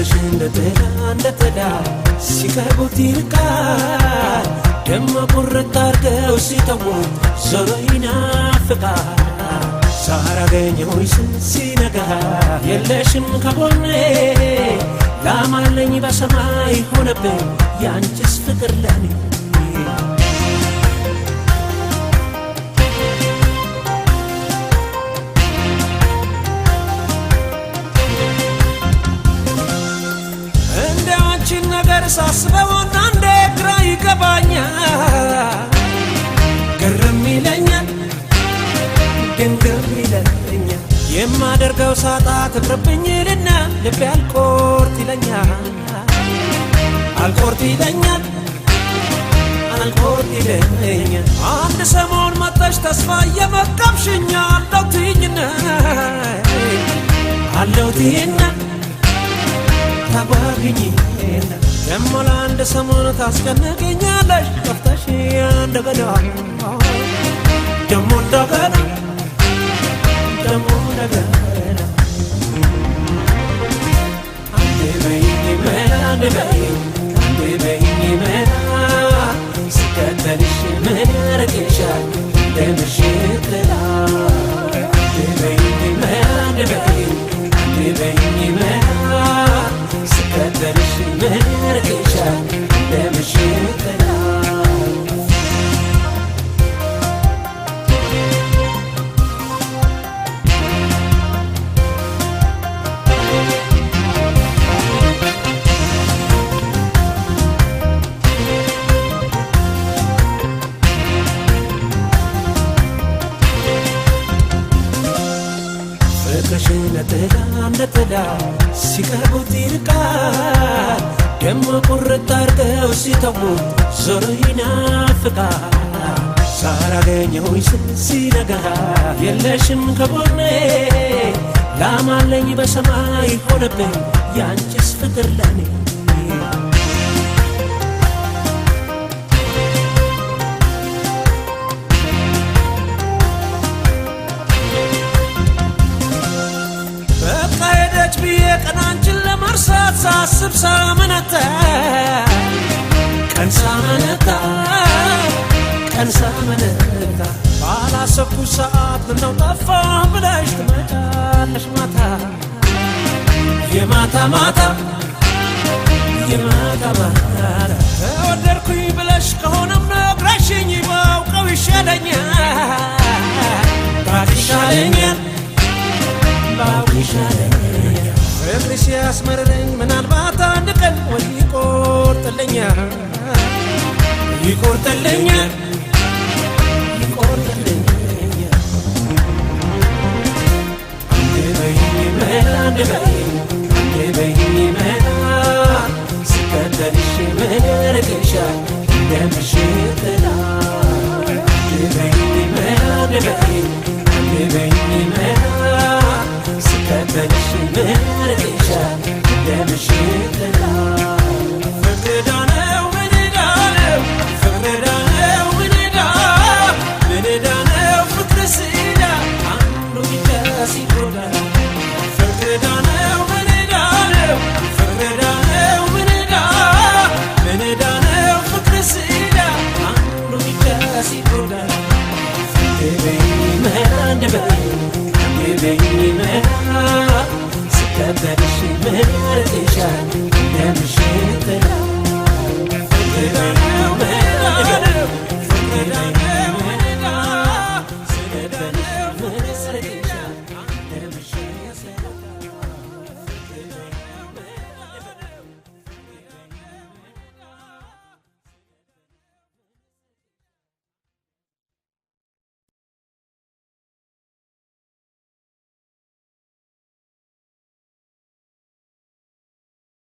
አፍሰሽ እንደተዳ እንደተዳ ሲቀርቡት ይርቃል ደማ ቁርጥ አርገው ሲተሙ ዞሮ ይናፍቃል ሳራገኘሁሽ ሲነጋ የለሽም ከጎኔ ላማለኝ በሰማይ ሆነብኝ የአንቺስ ፍቅር ለኔ ሳስበውን አንዴ ግራ ይገባኛል ግርም ይለኛል ግን ግርም ይለኛል የማደርገው ሳጣ ትቅርብኝ ልና ልቤ አልቆርጥ ይለኛል አልቆርጥ ይለኛል አንድ ሰሞን መጠሽ ተስፋ እየመቀምሽኛ አለው ትይኝነ አለው ደሞ ለአንድ ሰሞን ታስጨንቅኛለሽ ጠፍተሽ እንደገና ደሞ እንደገና ደሞ እንደገና አንዴ በይኝ መና አንዴ በይኝ ምን مرعشة تمشي تنام ፍቅርሽ ነጠላ ነጠላ ሲቀርቡ ይርቃል ደሞ ቁርጥ አርገው ሲተሙ ዞሮ ይናፍቃል ሳላገኘሁሽ ሲነጋ የለሽም ከጎኔ ላማለኝ በሰማይ ሆነብኝ ያንቺስ ፍቅር ለኔ ሄደች ብዬ ቀናንችን ለማርሳት ሳስብ ሳመነታ ቀን ሳመነታ ቀን ሳመነታ ባላሰብኩ ሰዓት ምነው ጠፋ ብለሽ ትመጫለሽ ማታ የማታ ማታ የማታ ማታ ተወደድኩኝ ብለሽ ከሆነም ነግረሽኝ ባውቀው ይሻለኛል ባውቅ ይሻለኛል ባውቅ ይሻለኛል ፍቅርሽ ያስመረረኝ ምናልባት አንድ ቀን ወይ ይቆርጥልኛል ይቆርጥልኛል ስትከበርሽ መርጥሻል